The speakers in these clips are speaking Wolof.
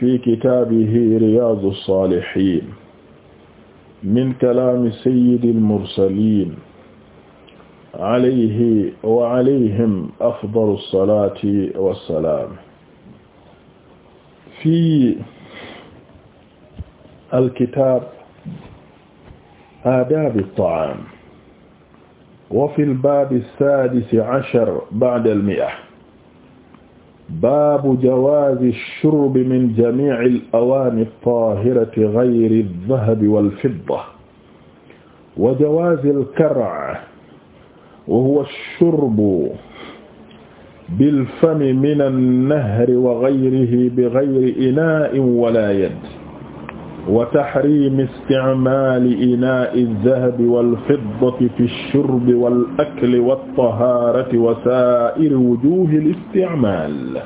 fi kitaabihi riyaadu saalihiin min kalaami sayyidil mursaliin alayhi wa alayhim afdalu salaati wa salaam. fi alkitaab aadaabi ta'aam wa fil baabi saadisi cashar ba'da al mi'a. baabu jawaazi shurbi min jamiicil awaani taahirati gayri dahabi wal fidda wa jawaazil karci wa huwa shurbu bil fami mina nahri wa gayrihi bi gayri inaa'in wala yad wa taxrimi isticmaali inaa'i dahabi wal fiddati fi shurbi wal akli wat tahaarati wa saa'iri wujuuhil isticmaal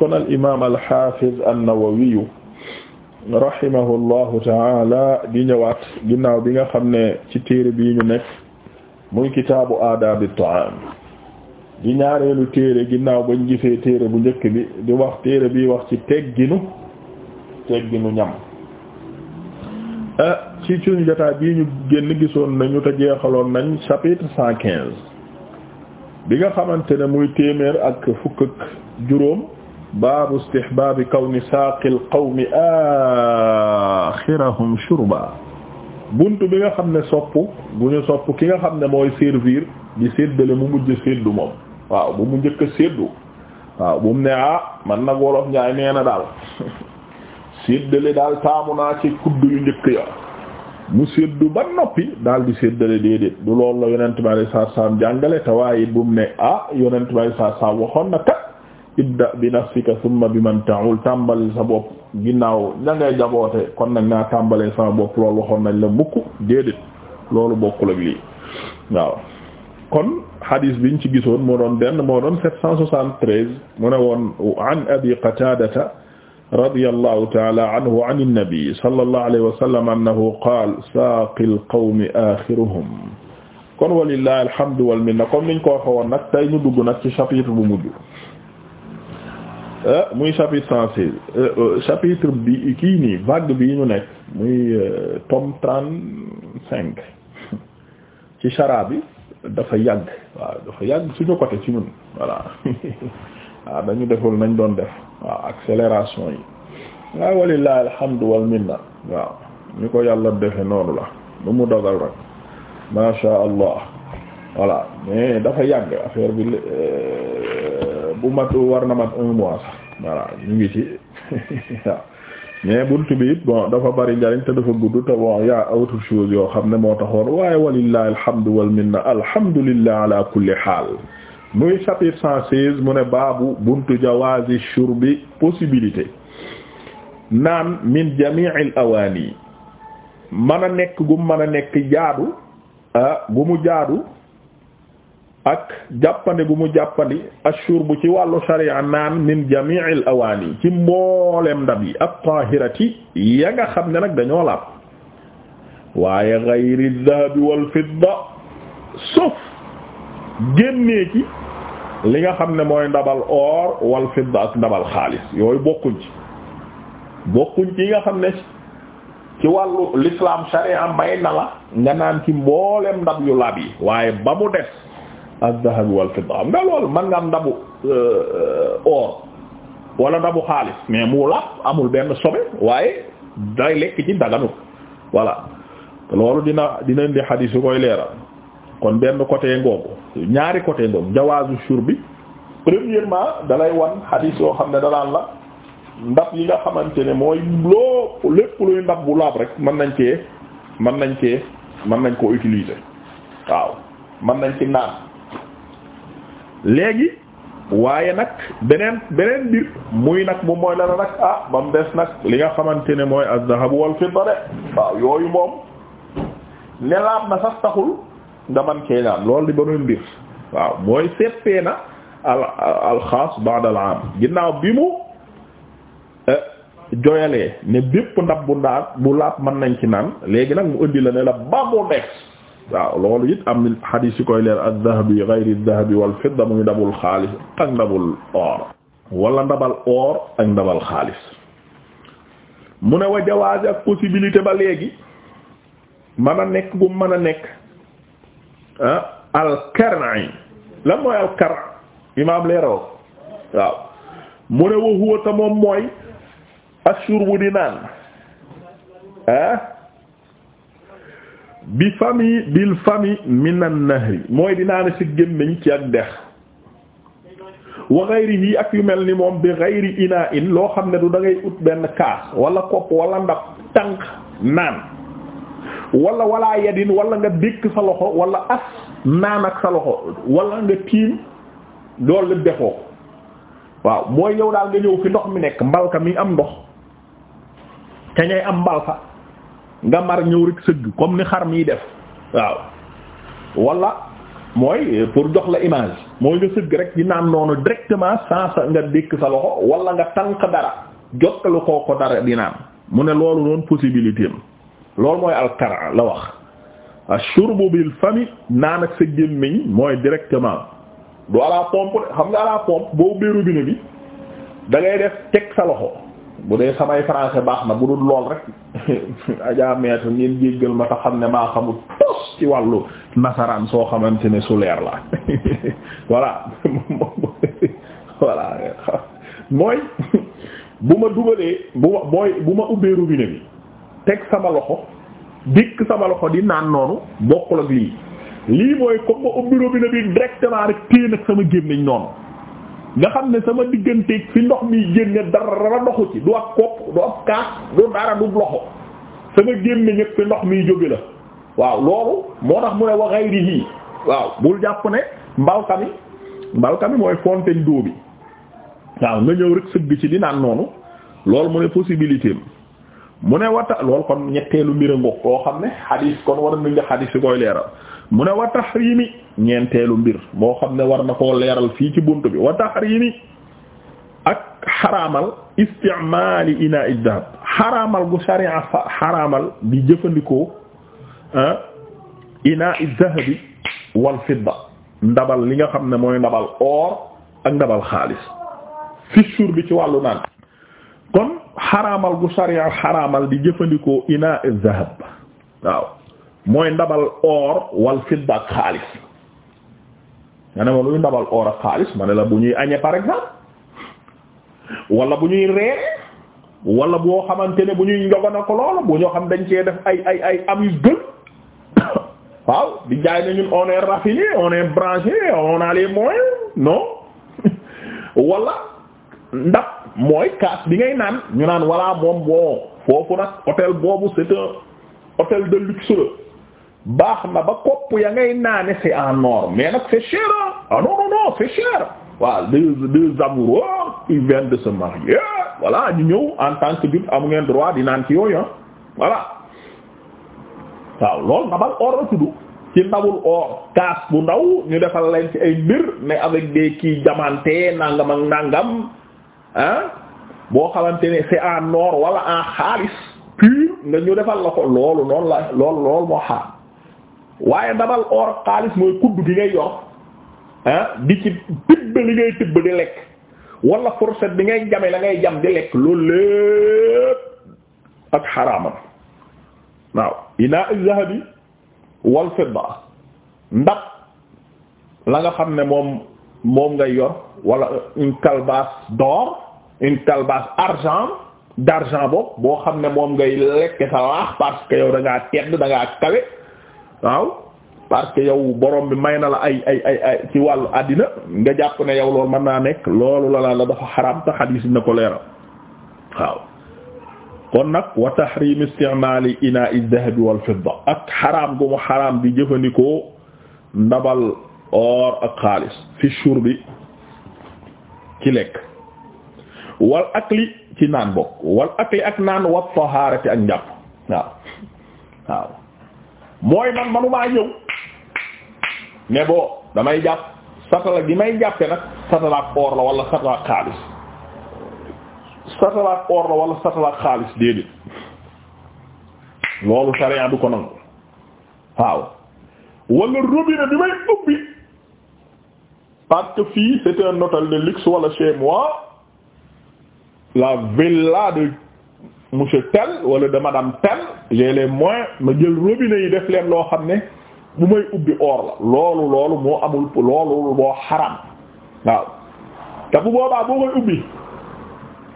kon al imaam al xaafiz an-Nawawi rahimahullahu taala di ñëwaat ginnaaw bi nga xam ne ci téere bii ñu nekk muy kitaabu aadaabi ta'aam di ñaareelu téere ginnaaw bañ gisee téere bu njëkk bi di wax téere bi wax ci tegginu tegginu ñam. Ah, ci suñu jotaay bii ñu génn gisoon nañu te jeexaloon nañ chapitre cent quinze bi nga xamante ne muy téeméer ak fukk ak juróom baabu istihbaabi kawni saaqil qawmi aaxirahum shurba bunt bi nga xam ne sopp bu ñu sopp ki nga xam ne mooy servir di séddale mu mujj séddu moom waaw bu mu njëkk a séddu waaw bu mu ne ah man nag wolof njaay nee na daal séddale daal taamu naa ci kudd yu njëkk ya mu séddu ba noppi daal di séddale déedéet du loolu yonent bi alayhi salaatu jàngale te waaye a bu ah, yonent bi alayhi salaatu salaam na kat ibda bi nafsika thumma bi man ta'ul tàmbali sa bopp ginnaaw da jaboote kon nag naa tàmbalee sama bopp loolu waxoon la mukk déedéet loolu bokkul ak lii waaw kon hadis biñ ci gisoon moo doon benn moo doon 773 mu ne woon an abi qataadata radiyallahu ta'ala anhu an an-nabi sallallahu alayhi wa sallam annahu qaala saaqil qawmi aaxiruhum kon walillahi alhamdu wal minna comme niñ ko waxoon nag tey ñu dugg nag ci chapitre bu mujj eh, muy chapitre cent seize eh, euh, chapitre bi kii nii vague bii ñu nekk muy euh, tome trente-cinq ci chara bi dafa yàgg waaw dafa yàgg suñu côté ci ñun voilà waaw dañu deful nañ doon def waaw accélération yi waaw walillahi alhamdu wal waaw ñu ko yàlla defe noonu la lu mu dogal rek masha allah voilà mais dafa yàgg affaire bi euh, bu mat war na mat un mois sax ñu ngi ci waaw mais buntu bi bon dafa bari njariñ te dafa gudd te bon yaa autre yoo xam ne moo taxoon waaye walillahi alhamdu wal minna alhamdulillah ala kulli xaal muy chapitre cent mu ne baabu buntu jawaazi shurbi possibilité naan min jamiil awaani mën nekk gu mu a nekk jaadu gu mu jaadu ak jàppandi gu mu jàppandi ashurbu ci wàllu sharia naan min jamiil awaani ci mboolem ndab yi ak tahirati ya nga xam ne nag dañoo laab waaye gayri dahabi wal fidda sauf génnee ci li nga xam ne mooy ndabal or wal fidda ak ndabal xaalis yooyu bokkuñ ci bokkuñ ci yi nga xam ne ci wàllu lislaam sharia may na la nga naan ci mboolem ndab yu laab yi waaye ba mu def az-zahab wal fidda xam nga loolu mën nga am ndabu euh, or wala ndabu xaalis mais mu laab amul benn sobe waaye day lekk ci daganut voilà loolu dina dina indi xadiis yu koy leeral kon benn côté ngoogu ñaari côté ngoogu jawaazu bi premièrement dalay wan hadith yoo xam ne dalaan la ndab yi nga xamante ne mooy loo lépp luy ndab bu laab rek mën nañ cee mën nañ kee mën nañ koo utilise waaw mën nañ ci naan léegi waaye nag beneen beneen mbir muy nag moom mooy la nag ah ba mu des nag li nga xamante ne mooy az bu wal fidda de waaw yooyu moom ne laab na sax taxul nga man cee ñaan loolu di beneen mbir waaw mooy seppee na al alxaas ba'da al am ginnaaw bi mu eh, joyalee ne bépp ndab bu ndaat bu laat mën nañ ci naan léegi nag mu indi la ne la ba mu des waaw loolu it am xadiis yi koy leer az-zahabi ghayri az-zahabi wal fidda muy ndabul ak ndabul or ak ndabal xaalis mu ne wa jawaaz ak possibilité ba léegi mën a nekk bu mën a nekk Ah, al-Kar'i lan mooy al-Kar' imaam leeral waaw mu ne wa huwa moom mooy ashurbu di naan ah? bi fami bil fami min an-nahri mooy di naan ci gémmiñ ci ak dex wa ghayrihi ak yu mel ni moom bi ghayri ina'in loo xam ne du da ut benn kaas wala kopp wala ndab tànk naan wala walaa yadin walla nga dékk sa loxo wala as naan ak sa loxo wala nga tiim loolu lépp defoo waaw mooy ñëw daal nga ñëw fi ndox mi nekk mbalka mi am ndox te am mbalka nga mar ñëw rek sëgg comme ni xar miy def waaw wala mooy pour jox la image mooy nga sëgg rek di naan noonu directement sans sa nga dékk sa loxo wala nga tànk dara jottalu koo ko dara di naan mu ne loolu doon possibilité am loolu mooy alkara la wax ash-shurbu bil fami naan ak sa gémmiñ mooy directement du à la pompe xam nga à la boo ubbee robinet bi da ngay def teg sa loxo bu dee samay français baax na bu dul lool rek ajaa maître ngeen jéggal ma ta xam ne maa xamul tos ci wàllu nasaraan soo xamante ne su leer la voilà voilà mooy bu ma dugalee bu ma mooy bu ma ubbee robinet bi teg sama loxo dikk sama loxo di naan noonu bokkul ak lii lii mooy comme ma ubbi robinet bi directement rek téye nag sama gémmiñ noonu nga xam ne sama digganteeg fi ndox mi génne dara ndoxu ci du ak kopp du ak kaas du dara du loxo sama gémmiñ ak fi ndox mi jóge la waaw loolu moo tax mu ne wa ghayrihi waaw bul jàpp ne mbalka mi mbalka mi mooy fontaine d'eau bi waaw nga ñëw rek sëgg ci di naan noonu loolu mu ne possibilité mu ne wa ta lool kon ñetteelu mbir a ngoog koo xam ne xadis kon war na nga xadis bi koy leeral mu ne wa tahrimi ñeenteelu mbir moo xam ne war na ko leeral fii ci bunt bi wa tahrimi ak xaraamal istimaali ina iddahab xaraamal gu sharia fa xaraamal di jëfandikoo ah ina iddahabi wal fidda ndabal li nga xam ne mooy ndabal or ak ndabal xaalis fissure bi ci wàllu naan kon xaraamal gu sariya xaraamal di jëfandikoo ina zahab waaw mooy ndabal or wal fidda ak xaalis nga ne ma luy ndabal or ak xaalis ma bu ñuy añee par exemple wala bu ñuy reere wala boo xamante ne bu ñuy njogona ko loolu bu ñoo xam dañ cee def ay ay ay am yu gën waaw di jaay na ñun on est branché on a les moyens non wala mooy kaas bi ngay naan ñu naan walla moom boo foofu nag hôtel boobu c'est un hôtel de luxe baax na ba kopp ya ngay naane c'est en or mais nag c'est cher ah non non non c'est cher deux amoureux ils viennent de se marier voilà ñu ñëw en tant que jub amu ngeen droit di naan ci yooyu ah voilà waaw loolu ndabal or la tudd ci ndabul or kaas bu ndaw ñu defal leen ci ay mbir mais avec des kii jamante nangam nangam. ah boo xamante ne c'est en or wala en xaalis pur nga ñu defal la ko loolu noonu la loolu loolu moo xaar waaye dabal or xaalis mooy kudd di ngay yor ah di ci tibb li ngay tibb di lekk wala fourchette bi ngay jame la ngay jam di lekk loolu lépp ak xaraamam waaw inaa az-zahabi wal fidda ndab la nga xam ne moom moom ngay yor wala une calebasse d'or une calebasse argent d'argent bopp boo xam ne moom ngay lekke sa parce que yow da tedd da kawe waaw parce que yow borom bi may na la ay ay ay ci wàllu àddina nga jàpp ne yow loolu mën naa nekk loolu la la la dafa xaram te xadiis na ko waaw kon nag wa tahrim isti'mal ina adh-dhahab wal ak xaraam gu mu xaraam di jëfandikoo ndabal or ak xaalis fi shurbi ci lekk wal akli ci naan bokk wal akli ak naan wa taharati ak njàpp waaw waaw mooy man manumaa ñëw mais boo damay jàpp satala gi may jàppe nag satalaak or la wala satalaak xaalis satalaak or la wala satalaak xaalis déedéet loolu sariya du ko nangu waaw wala robinet bi may ubbi parce fii c'est un de luxe wala chez la villa de monsieur tel wala de madame tel j'ai les moyens ma jël robinet yi def leen loo xam ne bu may ubbi or loolu loolu moo amul boo xaram waaw te bu boobaa boo koy ubbi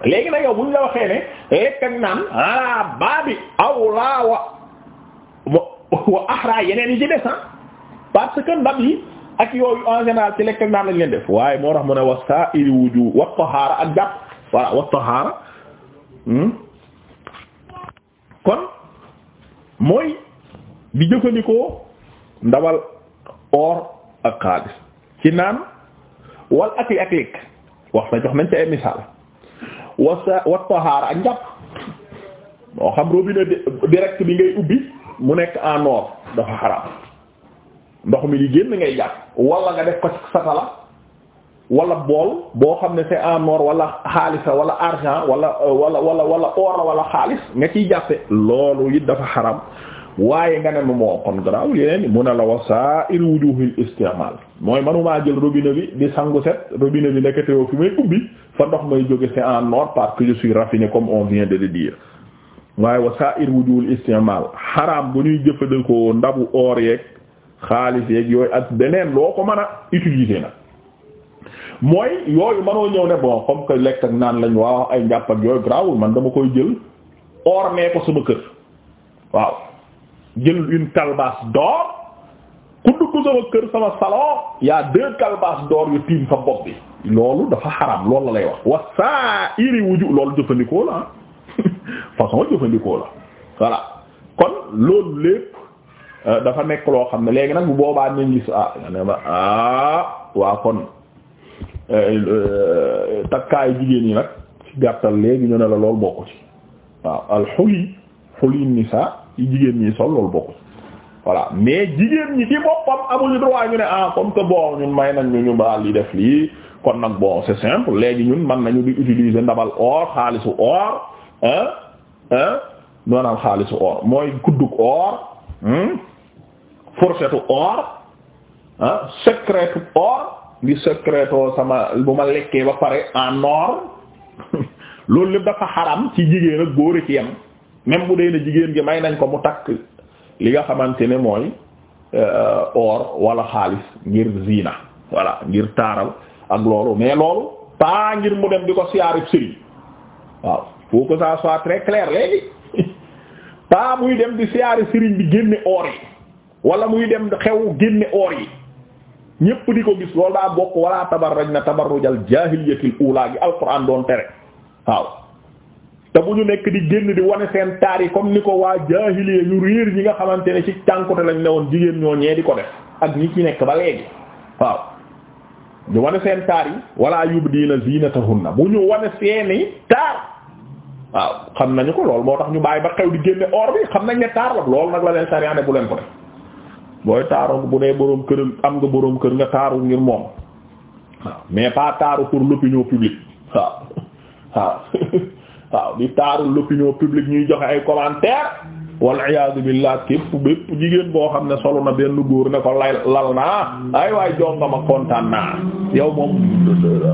léegi nag yow bu ñu la waxee ne lekk ak naan ala ah, baabi awlaa wa wa ahra yeneen yi ci des ah. parce que ndab yi ak yooyu en général ci lekk ak naan lañ leen def waaye moo tax a ne wa sa'iri wuju wa tahara ak jàpp voilà wa tahaara hmm? kon mooy di jëfandikoo ndawal or ak xaalis ci naan wal akli ak lekk wax na jox nañ ci ay misaal wa sa ak njàpp moo xam robinet direct bi ngay ubbi mu nekk en or dafa xaraam ndox mi di génn ngay jàpp wala nga def ko satala wala bool boo xam ne c'est en or wala xaalisa wala argent wala wala wala wala or wala xaalis nga ciy jàppe loolu it dafa xaram waaye nga ne ma moo kon garaaw yeneen mun a la wasa il wujuhil istimal mooy manumaa jël robinet bi di sangu set robinet bi nekk teewoo fi may ubbi fa ndox may jóge c'est en or parce que je suis raffiné comme on vient de le dire waaye wasa il wujuhil istimal xaraam bu ñuy jëfandikoo ndabu or yeeg xaalis yeeg yooyu ak beneen loo ko mën a utiliser nag mooy yooyu mënoo ñëw ne bon comme que lekk ak naan lañ waaw ay njàpp ak yooyu grawul man dama koy jël ornee ko sama kër waaw jël une calebasse d'or ku dugg sama kër sama salon y'a deux calebasses d'or yu tiim sa bopp bi loolu dafa xaram loolu la lay wax wa saa iri wuju loolu jëfandikoo la ah. façon jëfandikoo la voilà kon loolu lépp euh, dafa nekk loo xam ne léegi nag bu boobaa nañ gis ah nga ne ma ah waa kon Euh, euh, takkaayu jigéen ñi nag ci gàttal léegi ñu ne la lool bokku waaw alxuli xuli nisaa yi jigéen ñi sol loolu bokku ci mais jigéen ñi ci boppam amuñu droit ñu ne ah comme que bon ñun may nañ ñu ñu baal di def lii kon nag bon c'est simple léegi ñun mën nañu di utilise ndabal or xaalisu or hein hein maanaam xaalisu or mooy kuddug or hmm, fourchette or ah or. li secreto sama bu ma lekkee ba pare en or loolu lépp dafa xaram ci jigéen ak góor ci yem même bu dee na jigéen gi may nañ ko mu takk li nga xamante ne mooy euh, or wala xaalis ngir zina voilà ngir taaral ak loolu mais loolu pas ngir mu dem di ko siyaarib sëriñ waaw faut que ça soit très clair léegi pas muy dem di siyaari sëriñ bi génne or yi wala muy dem xew génne or yi ñépp di ko gis loolu daa bokk wala tabarraj na tabarrujal jaahiliyatil uulaa gi alquran doon tere waaw te bu ñu nekk di génn di wane seen taar yi comme ni ko waa jaahiliya ñu réer ñi nga xamante ne ci cànkute lañ ne woon jigéen ñoo ñee di ko def ak ñi ci nekk ba léegi waaw ñu wane seen taar yi wala yubdiina ziinatahunna bu ñu wane seeni taar waaw xam nañu ko lool moo tax ñu bàyyi ba xew di génne or xam nañ ne taar la loolu nag la leen ko booy taaru bu dee boroom kër am nga boroom kër nga taaru ngir moom waaw mais pas taaru pour l'opinion publique waaw waaw waaw di taaru l'opinion publique ñuy joxe ay commentaire wal iyaadu billaah képp bépp jigéen boo xam ne solo na benn góor ne ko lay lal naa ay waay jonga ma kontaan naa yow moom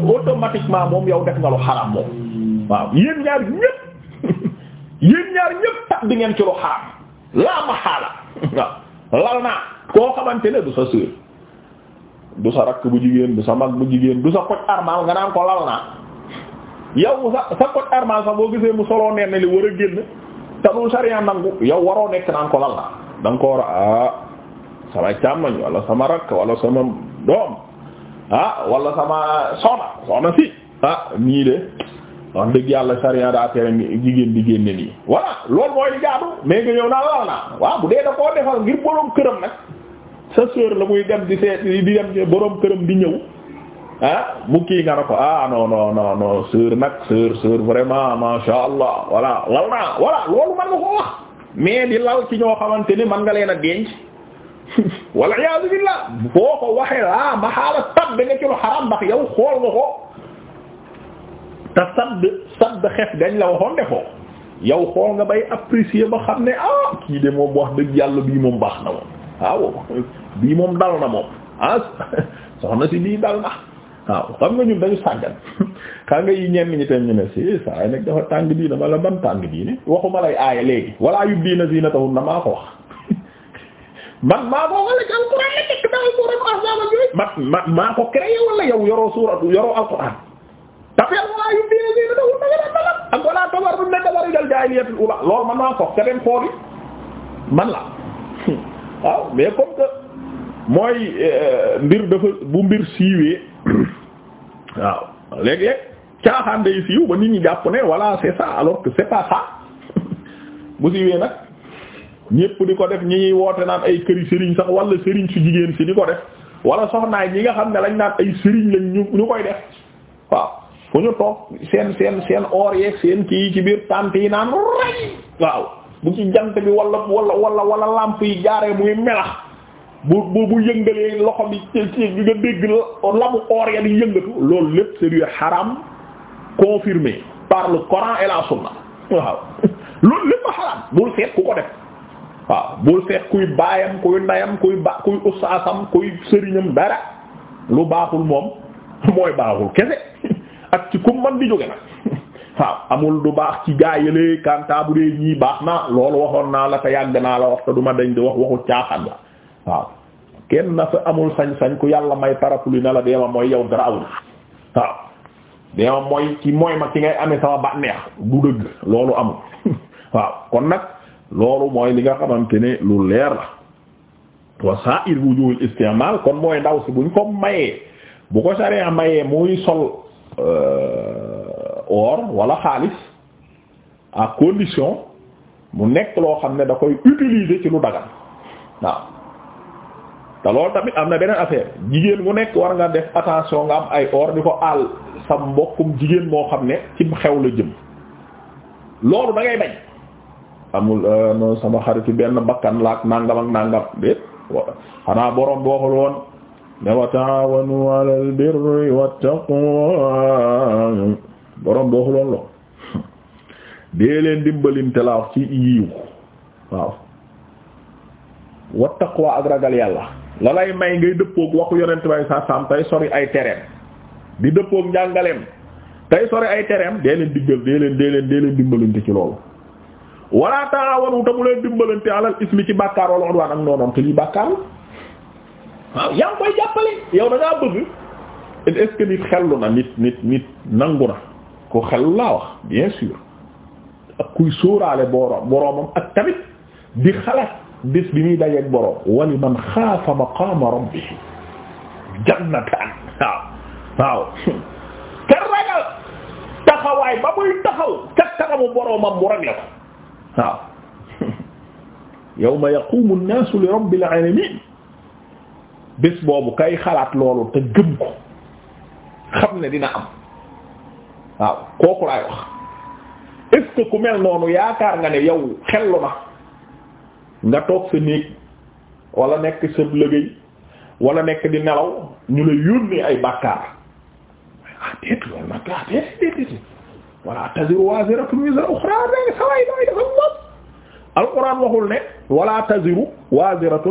automatiquement moom yow def nga lu xaram moom waaw yéen ñaar ñépp yéen ñaar ñépp tab di ngeen ci lu laa ma xaala waaw lal naa koo xamante ne du sa sœur du sa rakk bu jigéen du sa mag bu jigéen du sa koc armal nga naan ko lal naa yow sa sa koc armal sax boo gisee mu soloo nen li war a génn tanul sariya nangu yow waroo nekk naan ko lal naa da nga ko war a ah, sama càmmoñ wala sama rakk wala sama doom ah wala sama soxna soxna si ah nii de dëgg yàlla sariya daa tere jigéen di génne nii voilà loolu mooy li mais nga ñëw naa lal naa waaw bu dee da koo defal sa sœur la muy dem di dem borom këram di ñëw ah, mu kii nga ne ko ah non non non non sœur nag sœur sœur vraiment masha Allah voilà lal naa voilà loolu mën nga ko wax mais di lal ci ñoo xamante ni man nga leen a denc wala iyaazu billah boo ko waxee ah ma xaaral tab da nga ci lu xaram yow xool nga ko te sadd sadd xef dañ la waxoon defoo yow xool nga bay apprécier ba xam ne ah kii de moom wax dëgg yàlla bii moom baax na ah, waaw. bii moom dal na moom ah soxna si bii dal na waaw xam nga ñun dañu sàggan xam nga yi ñenn ñi tam ñu ne si saa yi nag dafa tàng diina ma la ban tàng diine waxuma lay aaya léegi walaa yub diina si na taxul na maa ko wax man maa ko wala ci alquran la nekk daal yow yoroo suuratu yoroo alquran tafeel walaa yub diina si na taxul na wala talam ak walaa tabar bu ne dabarujal jaahiliyatul ula loolu man maa ko ka dem xooli man la waaw mais comme que mooy euh, mbir dafa bu mbir siiwee waaw léeg-léeg caaxaan day siiw ba nit ñi jàpp ne voilà c'est ça alors c'est pas bu siiwee nag ñépp di ko def ñi ñuy woote naan ay këri sëriñ sax wala sëriñ su jigéen si di ko def wala soxnaay ñi nga xam ne lañ naan ay sëriñ lañ ñu ñu koy def waaw fu ñu toog seen seen seen or yeeg seen kii ci biir tànt yi naan ray waaw bu ci jant bi wala wala wala wala lamp yi jaaree muy melax bu bu bu yëngalee loxo bi ci ci nga dégg lamu oor yëngatu loolu lépp c'est du confirmé par le Coran et la sunna waaw loolu lépp a xalaat bul seet ku ko def waaw bul seet kuy baayam kuy ndayam kuy ba kuy ustaasam kuy sëriñam dara lu baaxul moom mooy baaxul kese ak ci kum man di jóge nag waaw amul du baax ci gaayale kanta bu dee ñii baax na loolu waxoon naa la te yàgg naa la wax te du ma dañ di wax waxu caaxaan la waaw kenn na fa amul sañ-sañ ku yàlla may parapluie na la deema mooy yow garawul waaw deema mooy ci mooy ma ki ngay ame sama bànneex du dëgg loolu amul waaw kon nag loolu mooy li nga xamante ne lu leer la wa sa'ir wujuhul istimal kon mooy ndaw si buñ ko mayee bu ko sariya mayee muy sol euh, or wala xaalis à condition mu nekk loo xam ne da koy utiliser ci lu dagan waaw te loolu tamit am na beneen affaire jigéen mu nekk war nga def attention nga am ay or di ko aal sa mbokkum jigéen moo xam ne ci xew la jëm loolu da bañ amul euh, non sama xaritu benn bakkan laak nangam ak nangam déet xanaa borom boo xul woon ne wa ta'awanu 'alal birri wattaqwa borom boo xul woon lool dee leen dimbalinte laa wax ci yiw waaw wattaqwa ak ragal yàlla la lay may ngay dëppoog waxu yonent bay sa sam tey sori ay tereem di dëppoog njàngaleem tey sori ay tereem dee leen diggal dee leen dee leen di leen dimbalante ci loolu wala taawanu te bu leen dimbalante alal mi ci bàkkaar wala odwaan ak noonoom te lii bàkkaar na nit nit nit nangu na ko xellu laa wax bien sûr ak kuy sóoraale boroom boroomam ak tamit di xalaat bés bi muy dajeek borom wali man xaafa maqaama rabbihi jannataan waaw waaw te ragal taxawaay ba muy taxaw ca taxawu boromam bu ragal ko waaw li rabbil aalamiin bés boobu kay xalaat loolu te gëm xam ne dina am waaw kooku laay wax est ku mel noonu yaakaar nga ne yow na. nga toog sa néeg wala nekk sa liggéey wala nekk di nelaw ñu la yónnee ay bàkkaar ah déet loolu nag ah déet déet waxul ne wala taziru waaziratun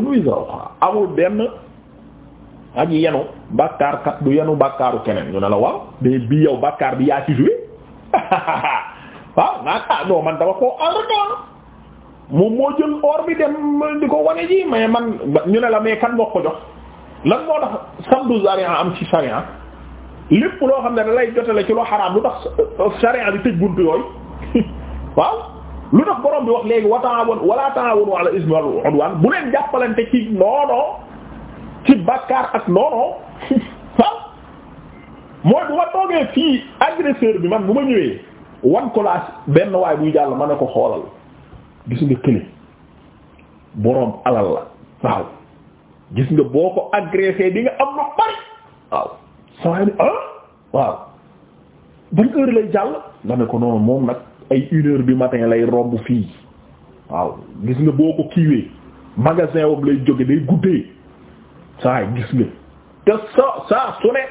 wizra uxra amul benn ak yenu bàkkaar kat du yenu bàkkaaru keneen ñu ne la waaw mais bii yow bi yaa ci joué waaw naa ah non man dama koo ànd moom moo jël or bi dem di ko wane ji mais man ñu ne la mais kan moo ko jox lan moo tax samdu zaria am ci sharia lépp loo xam ne dalay lay jotale ci loo xaraam lu tax euh, euh, sharia di tëj buntu yooyu waaw lu tax borom bi wax léegi wa ta'awun wala ta'awunu ala ismi bu leen jàppalante ci noonoo ci bakkaar ak noonoo waaw mooy bu ma toogee fii agresseur bi man bu ma ñëwee wan ko laa benn waay buy jàll ma ne ko xoolal gis nga kële boroom alal la waaw gis nga boo ko agressé di nga am lu bari waaw sawaay ni ah waaw ban heure lay jàll nga ne ko noonu moom nag ay une heure matin lay romb fii waaw gis nga boo ko kiiwee magasin wam lay jóge day guddee sawaay gis nga te sa saa su ne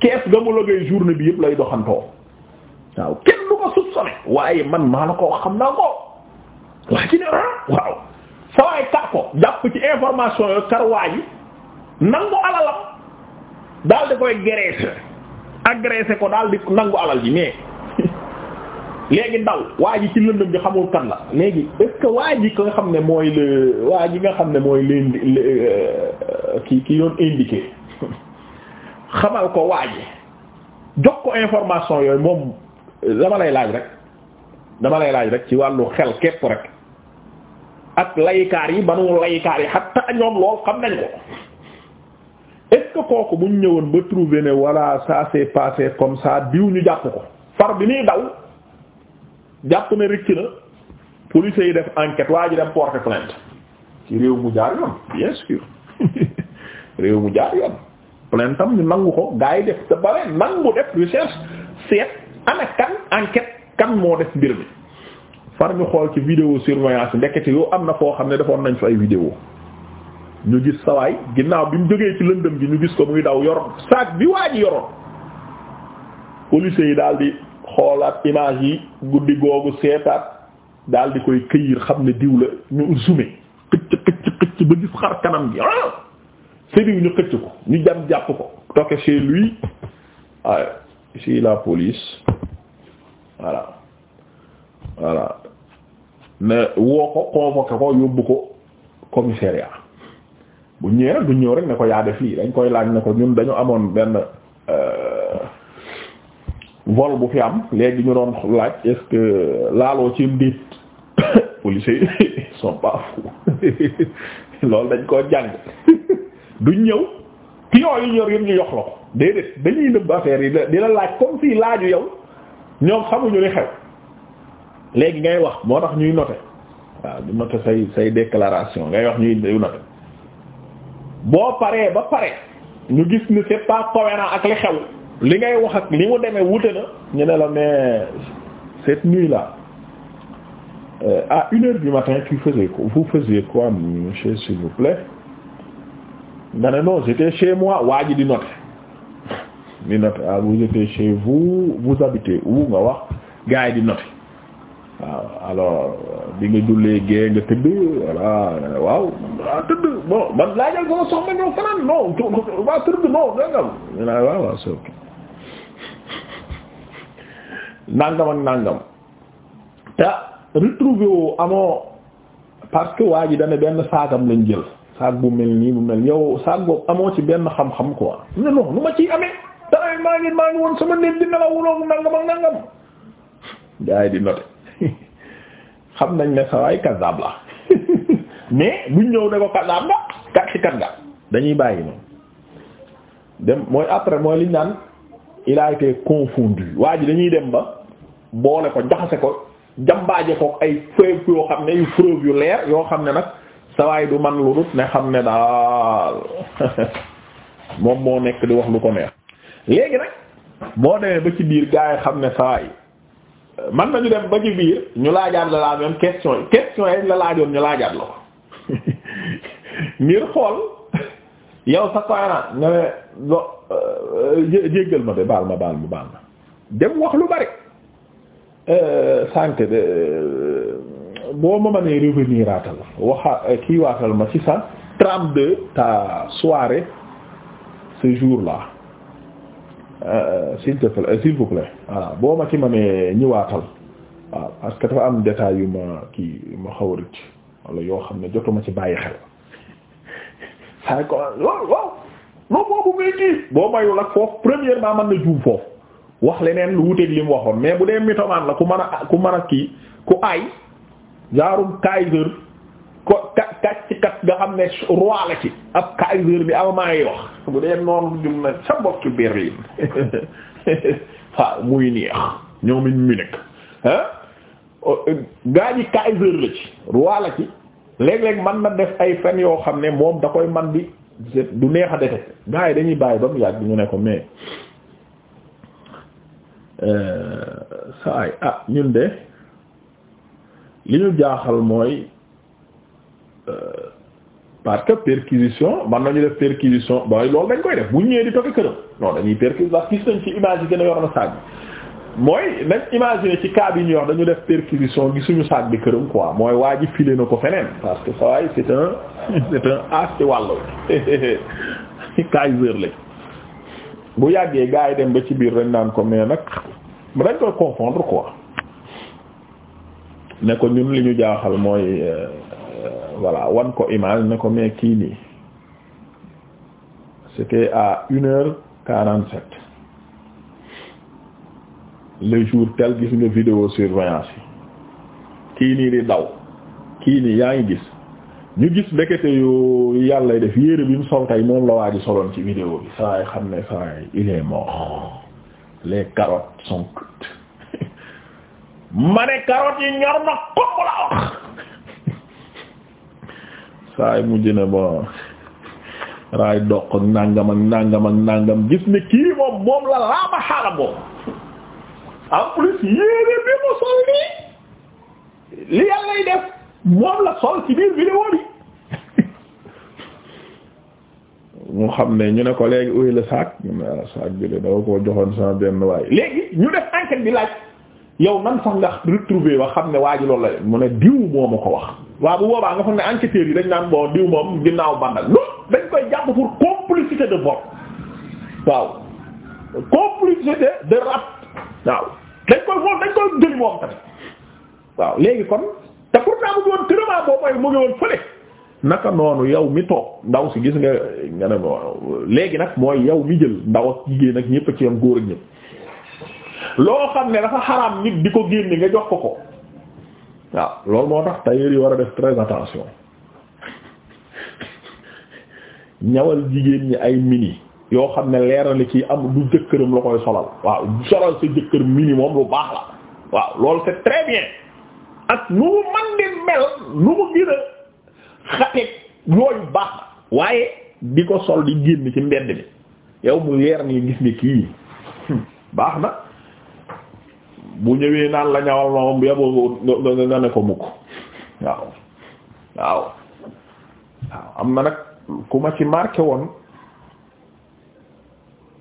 kees ga mu logee journée bi yëpp lay doxantoo waaw kenn du ko soupçonné waaye man maa la ko xam naa ko waa ci ne ah waaw sawaay kar ko jàpp ci information yooyu kar waa ji nangu alalam daal di koy graisser agresser ko daal di nangu alal ji mais léegi ndaw waa ji ci lëndëm bi xamul kan la léegi est-ce waa ji ko nga xam ne mooy le waa ji nga xam ne mooy leen euh, ki ki yoon indiqué xamal ko waa ji jox ko information yooyu moom dama lay laaj rek dama lay laaj rek ci wàllu xel képp rek ak laykaar yi banu laykaar yi xatta ñoom lool xam nañ ko est-ce que kooku bu ñu ñëwoon ba trouver ne voilà ça s'est passé comme ça diw ñu jàpp ko far bi muy daw jàpp ne rëcc na police yi def enquête waa ji dem porter plainte ci réew mu jaar yoon bien sûr réew mu jaar yoon plainte tam ñu nangu ko gaa yi def te bare nangu def recherche seet ana kan enquête kan moo def mbir mi far ñu xool ci vidéo surveillance ndekete yoo am na foo xam ne defoon nañ fa ay vidéo ñu gis sawaay ginnaaw bi mu jógee ci lëndëm gi ñu gis ko muy daw yor saak bi waa ji yoroon police yi daal di xoolaat image yi guddi googu seetaat daal di koy këyir xam ne diw la ñu zoomé xëcc xëcc xëcc ba gis xar kanam gi ah c'est ñu xëcc ko ñu jam jàpp ko toqué chez lui ah chez la police voilà voilà na woo ko convoqué ko yóbbu ko commissariat bu ñëwee nag ñëw rek ne ko yaa fii dañ koy laaj ne ko ñun dañu amoon benn euh, vol bu fi am léegi ñu doon laaj est laaloo ci mbir policiers yi sont pas fous dañ koo jàng duñ ñëw ki yooyu ñor yëpp ñu yox la ko déedéet dañuy nëbb affaire yi di laaj comme si laaju yow ñoom xamuñu li xew. léegi ngay wax moo tax ñuy noter waaw di noter say say déclaration ngay wax ñuy noter boo paree ba pare ñu gis ni c'est pas cohérent ak li xew li ngay wax ak li mu demee wute na ñu ne la mais cette nuit là euh, à une heure du matin tu faisais quoi vous faisiez quoi monsieur s'il vous plaît nga ne non j'étais chez moi waa ji di noter di noter ah vous étiez chez vous vous habitez où nga wax gars yi di noter waaw alors bi nga jullee gée nga tëdd voilà waaw ah tëdd bon man laajal sama soxna ñëw fanaan tëdd non nangam nangam nangam te retrouvé woo amoo parce que waa ji benn saagam lañ jël saak bu mel nii bu mel yow saag boobu amoo ci benn xam-xam quoi ne non nu ma ciy amee dana maa ngi maa ngi woon sama nit di nelaw wuloobu nangam ak nangam gaa yi di note xam nañ ne sawaay kazaab la mais buñ ñëw ne ko kazaab nga kat ci nga dañuy bàyyi noonu dem mooy après mooy liñ naan il a confondu waa ji dañuy dem ba boole ko jaxase ko jambaaje ko ay preuve yoo xam ne yu preuve yu leer yoo xam ne nag sawaay du man lu dut ne xam ne daal moom moo nekk di wax lu ko neex léegi nag boo demee ba ci biir gaa xam ne sawaay man nañu dem ba ñu biir ñu laajaat la laajoon question yi question yi la laajoon ñu laajaat la ko ngir xool yow sa koyana nga ne lo euh, jéggal ma de baal ma baal ma baal ma dem wax lu bari euh, sànq de euh, boo ma mënee revenir aatal waxa kii waatal ma ci sa trente-deux ta soirée ce jour-là s'il te plaît s'il vous plaît boo ma ci mënee ñëwaatal waaw parce que dafa am détail yu ma kii ma xaw a yoo xam ne jotuma ci bàyyi xel waaw waaw boobu ngay kii boo mayul ak foofu premièrement mën na juum foofu wax leneen lu wuteeg li mu waxoon mais bu dee mythomane la ku mën a ku mën a kii ku aay jaarum Kaiser ko kàcc kat nga xam ne roi la ci ab Kaiser bi almaa yi wax bu dee noonu jum na sa bokki Berlin waaw muy neex ñoom mu nekk ah gaa ji Kaiser la ci roi la ci léeg-léeg man na def ay fen yoo xam ne moom da koy man bi du neex a defe gaa yi dañuy bàyyi ba mu yàgg ñu ne ko mais euh, saa ah ñun de li ñu jaaxal mooy Euh, parce que perquisition man na ñu def perquisition mooy loolu dañ koy def bu ñëwee di toog këram non dañuy perquisition ndax gis nañ ci image yi gën a yor na saag bi mooy nañ imaginer ci cas bi ñu wax dañu def perquisition gisuñu saag bi këram quoi mooy waa ji filé na ko feneen parce que ça waay c'est un c'est un as ci wàllu Kaiser lañ bu yàggee gars yi dem ba ci biir dañ naan ko mais nag dañ koy confondre quoi ne ko ñun li ñu jaaxal mooy. Euh, voilà wan ko image ne ko mais kii nii c'était à une heure quarante sept le jour tel gis nga vidéo surveillance yi kii nii di daw kii nii yaa ngi gis ñu gis ndekete yu yàlla def yére bi mu sol tey moom la waa ji soloon ci vidéo bi saa xam ne saa yi il est mort les carottes sont cuites ma yi ñor na kopp la saa yi mujj ne bon raay doq ak nangam ak nangam nangam gis ne kii moom moom la laaba xaala moom en plus yéene bi mu sol nii li yàlla lay def moom la sol ci biir vidéo bi mu xam ne ñu ne ko léegi uy la sac ah, sac bi de dafa ko joxoon sama benn waay léegi ñu def enquête bi laaj yow nan sax nga retrouver wa xam ne waa ji loolu la mu ne diw moo ma ko wax waaw bu boobaa nga xam ne enquêteurs yi dañ naan bon diw moom ginnaaw bandal non dañ koy jàpp pour complicité de vol waaw complicité de rab waaw dañ koy xool dañ koy jëli moom tamit waaw léegi kon te pourtant mu ngi woon tërëmaa boo mu ngi woon fële naka noonu yow mi toog ndaw si gis nga nga léegi nag mooy yow mi jël ndaw ak nag ak ñëpp ci yam góor ak ñëpp loo xam ne dafa xaraam nit di ko génne nga jox ko ko waaw loolu moo tax tailleur yi war a def très attention ñawal jigéen ñi ay mini yoo xam ne leer na li ci am du jëkkëram la koy solal waaw solal sa jëkkër mini moom lu baax la waaw loolu c'est très bien ak nu mu man di mel nu mu gën a xateeg yooyu baax la waaye di ko sol di génn ci mbedd mi yow mu leer ni gis ni kii hmm, baax na bu ñëwee naan la ñawal moom yaboo nga ne ko mukk waaw waaw am na nag ku ma ci marqué woon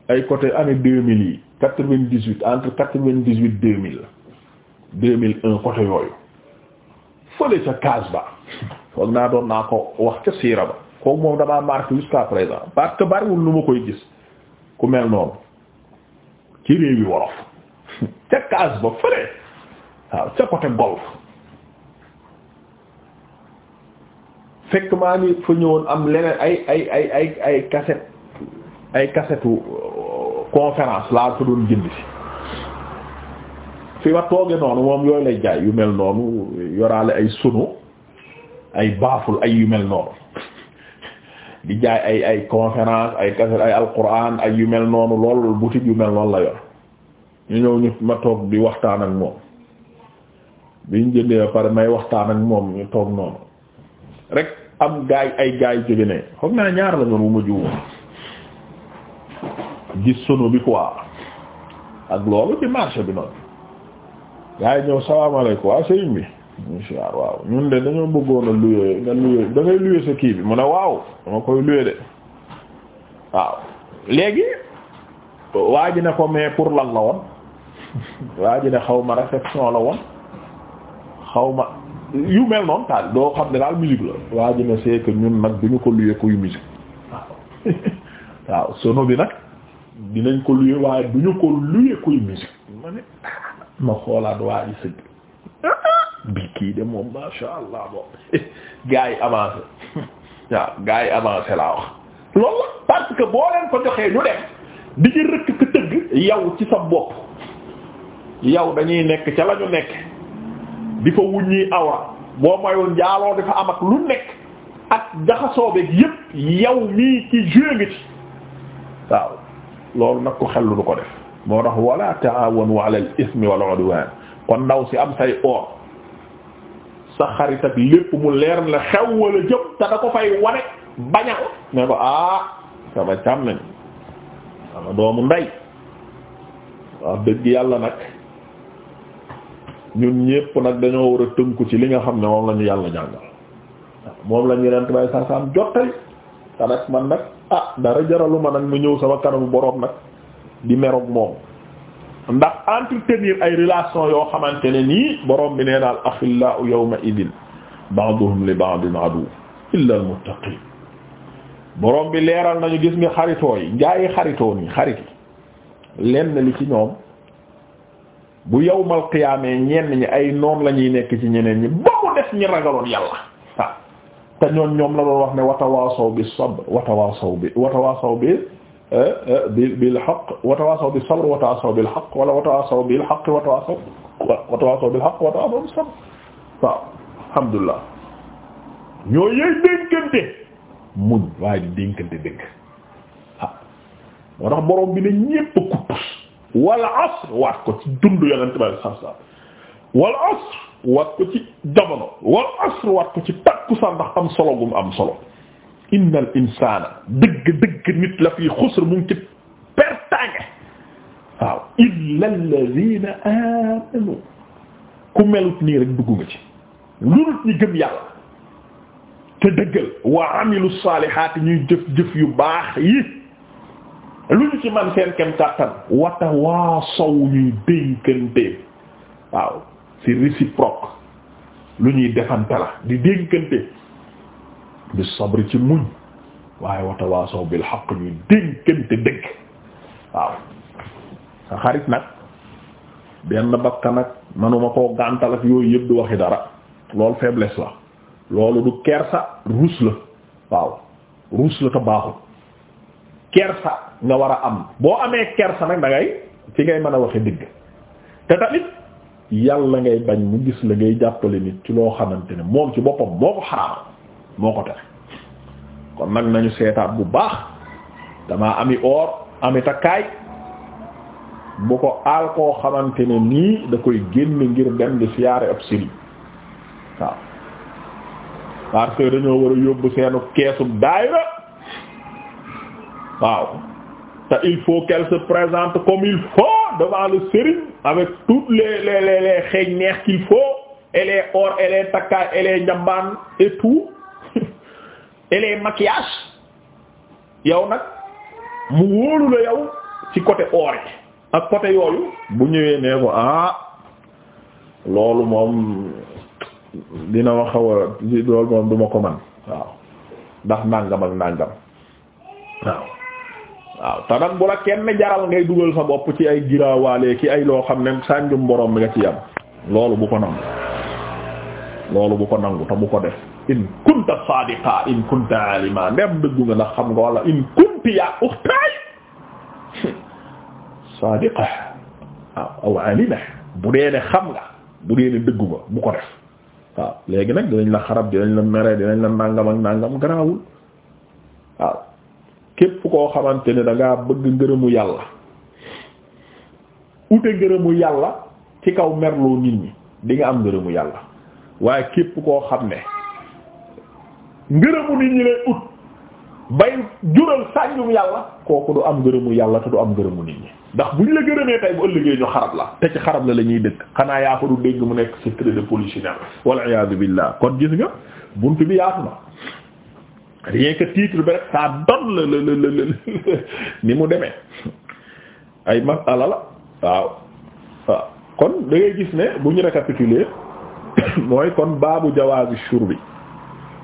ay côté année deux mille yi quatre-vingt-dix-huit entre quatre-vingt-dix-huit deux mille un côté yooyu fële ca case ba foog naa doon naa ko wax ca siira ba kooku moom damaa marqué jusqu'à présent parce bariwul lu ma koy gis ku mel noonu ci réew yi wolof ca kaas ba fële waaw ca côté golf fekk maa ngi fa ñëwoon am leneen ay ay ay ay ay ay cassettu euh, conférence laa fa doon jënd si fi ma tooge noonu moom yooyu lay jaay yu mel noonu yoraale ay sunu ay baaful ay yu mel noonu di jaay ay ay conférence ay cassette ay alquran ay yu mel noonu lool boutique yu mel noonu la yor ñu ñëw ñu ma toog bi waxtaan ak moom bi biñ jëndee ba pare may waxtaan ak moom ñu toog noonu rek am gaay ay gaay jóge ne foog naa ñaar la ñoon bu ma juumoon gis sunu bi quoi ak loolu ci marché bi noonu gaay ñëw salaamaaleykum waaw sëñ bi incha waaw ñun de dañoo bëggoon a louer nga louer da ngay sa kii bi mu ne waaw dama koy louer de waaw léegi waa ji ne ko mais pour lan la woon waa ji ne xaw ma réception la woon xaw ma yu mel noonu taal doo xam ne daal musique la waa ji ne ñun nag ñu ko luyee kuy musique waaw waaw sono bi nag dinañ ko luyee waaye duñu ko luyee kuy musique ma ne ma xoolaat waa ji sëgg de moom masha allah moom gars yi avancé waaw gars yi avancé laa wax loolu parce que boo leen ko joxee ñu def di ci rëkk ka tëgg yow ci sa bopp yow dañuy nekk ca la nekk di fa wuññi awra boo mayoon jaaloo dafa am ak lu nekk ak jaxasoo beeg yépp yow mii ci jénga ci waaw loolu nag ko xellu du ko def moo tax wala ta'awanu ala al ismi wal udwan kon ndaw si am say oor sa xarit leer la xew wala jëm ko fay wane baña ko ne ko ah doomu ndey wax dëgg yàlla nag ñun ñépp nag dañoo war a tënku ci li nga xam ne moom la ñu yàlla jàngal moom la ñu ren bay saa saam jottali te man nag ah dara jaralu ma nag mu ñëw sama kanamu boroom nag di meroog moom ndax entretenir ay relation yoo xamante ne nii boroom bi nee daal axillau yawma idin ba'duhum li ba'din adu illa al-muttaqin boroom bi leeral nañu gis nga xaritoo yi njaayi xaritoo nii xarit yi lenn li ci ñoom bu yawmal qiyaamee ñenn ñi ay noon la nekk ci ñeneen ñi ba mu def ñi ragaloon yàlla te ñoom la doon wax ne watawaasaw bi sabr watawaasaw bi watawaasaw bi eh, eh, bi bil bi sabr watawaasaw bi haqq wala watawaasaw bi haqq watawaasaw watawaasaw bil haqq watawaasaw bis waaw alhamdulillah ñoo yey dénkante muñ waaye di dénkante dëgg ah tax borom bi ne ñépp a kuppus wal asr waat ko ci dund yonent ba saa saa wal asr waat ko ci jamono wal asr waat ko ci takkusaan ndax am solo gum am solo innal insana dëgg dëgg nit la fii xusr mu ngi ci pertange waaw illa alladhina amanu ku melut nii rek dugg nga ci lulut ñi gëm yàlla te dëggal wa amilu salihaati ñuy jëf jëf yu baax yi lu ñu ci man seen kem kàttan wata waa sow ñuy dénkante waaw ci réciproque lu ñuy defante la di dénkante bi sabri ci muñ waaye wata waa sow bil xaq ñuy dénkante dëgg waaw sa xarit nag benn bakka nag manuma koo gàntal yooyu yëpp du waxi dara loolu faiblesse la loolu du kersa ruus la waaw ruus la te baaxul kersa nga war a am boo amee kersa nag da ngay ci ngay mën a waxe dëgg te tamit yàlla ngay bañ mu gis la ngay jàppale nit ci loo xamante ne moom ci boppam moo ko xaraamal moo ko tere kon nag nañu seetaat bu baax damaa ami or ami takkaay bu ko alkoo koo xamante ne nii da koy génn ngir dem di siyaare ab sëriñ waaw parce que dañoo war a yóbbu seenu keesu daayira waaw te il faut qu'elle se présente comme il faut devant le avec toutes les les les les xeeñ neex qu'il faut et les or et les takkaay et les njambaan et yow nag mu wóolu la yow ci côté or yi ak côté yooyu bu ñëwee nee ah loolu moom dina ma xaw a loolu moom duma ko man waaw ndax nàngam ak nàngam waaw waaw te nag bu la kenn jaral ngay dugal sa bopp ci ay giraawaale ki ay loo xam ne sànjum borom mi nga ci yam loolu bu ko nangu loolu bu ko nangu te bu ko def in kunta sadiqa in kunta alima ndem dëggu nga ndax xam nga wala waaw aw alima bu dee ne xam nga bu dee ne dëggu bu ko def waaw léegi nag dinañ la xarab dinañ la mere dinañ la nàngam ak nàngam garaawul waaw képp koo xamante ne da ngaa bëgg ngërëmu yàlla ute ngërëmu yàlla ci kaw merloo nit ñi di nga am ngërëmu yàlla waaye képp koo xam ne ngërëmu nit ñi lay ut bay jural sànjum yàlla kooku du am ngërëmu yàlla te du am ngërëmu nit ñi ndax bu ñu la gërëmee tey bu ëllëgee ñu xarab la te ci xarab la la ñuy dëkk xanaa yaa ko du dégg mu nekk secret de polichinelle wal iyaadu billah kon gis nga bunt bi yaatu na rien que titre bi rek ça donne ni mu demee ay masala la waaw waaw kon da gis ne bu ñu récapituler mooy kon baabu jawaazi shurbi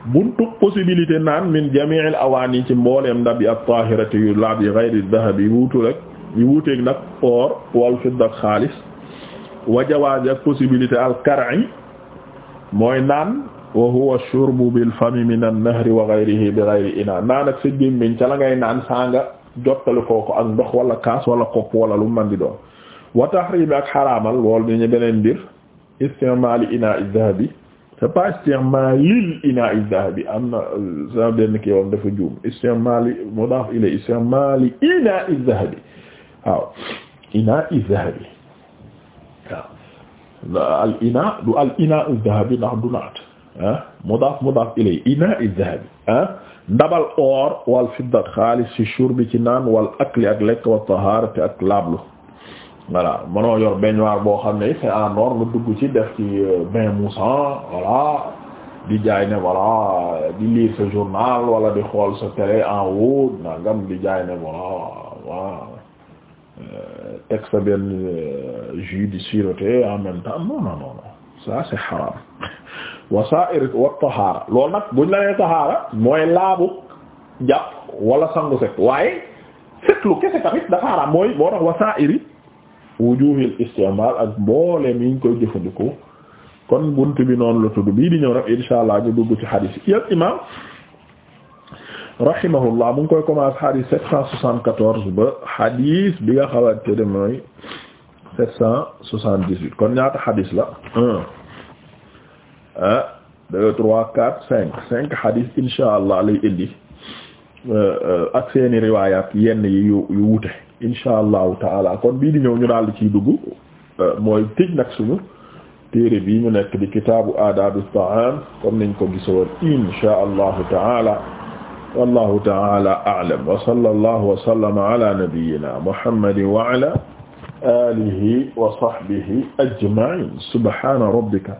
buntu possibilité naan min jami'il awaani ci mbooleem ndab yi at-tahirati yu laab yi ghayri dhahab yi wuutu rek yu wuuteeg nag or wal fidda ak xaalis wa jawaazi ak possibilité al-kar'i mooy naan wa huwa shurbu bil fami min an-nahri wa ghayrihi bi ghayri ina naan ak sa gémmiñ ca la ngay naan saa nga jottali kooko ak ndox wala kaas wala kopp wala lu man di doon wa tahrimi ak xaraamal lool ni ñu beneen mbir istimali ina az-zahabi c'est pas istimali ina az-zahabi am na sa benn kii wam dafa juum istimali mudaaf ila istimali ina az-zahabi waaw ina az-zahabi waaw al ina du al ina az-zahabi ndax du naat ah mudaaf mudaaf ilay inaa idhahabi ah ndabal or wal fidda xaalis ci shurbi ci naan wal akli ak lekk wa taharati ak laablu voilà mënoo yor baignoire boo xam ne c'est en or nga dugg ci def ci euh, bain moussant voilà di jaay ne voilà di lire sa journal wala di xool sa télé en haut nangam di jaay ne voilà voilà euh, teg sa benn euh, jus di siroter en même temps non non non ça c'est haram wa sa'ir wa tahaara loolu nag buñ la nee tahaara mooy laabu jàpp wala sangu set waaye setlu kese tamit dafa haram mooy moo tax wa sa'iri wujuhil istimal ak mboole mi ñu koy jëfandikoo kon bunt bi noonu la tudd bii di ñëw rek insha allah ñu dugg ci xadiis yi al imam rahimahullah mu ngi koy commence xadiis sept cent soixante-quatorze ba xadiis bi nga xamante ne mooy sept cent soixante-dix-huit kon ñaata xadiis la ah deux trois quatre cinq cinq hadis insha allah lay indi ah, ah, ak seeni riwaayaat yenn yi yu yu wute insha allahu taala kon bii di ñëw ñu daal di ciy dugg ah, mooy tëj nag suñu téere bii ñu nekk di kitaabu aadaabu ta'aam comme niñ ko gisoon insha allahu taala wallahu taala a'lam wa sallallahu wa sallama ala nabiyyina muhammadin wa ala alihi wa sahbihi ajma'in subhana rabbika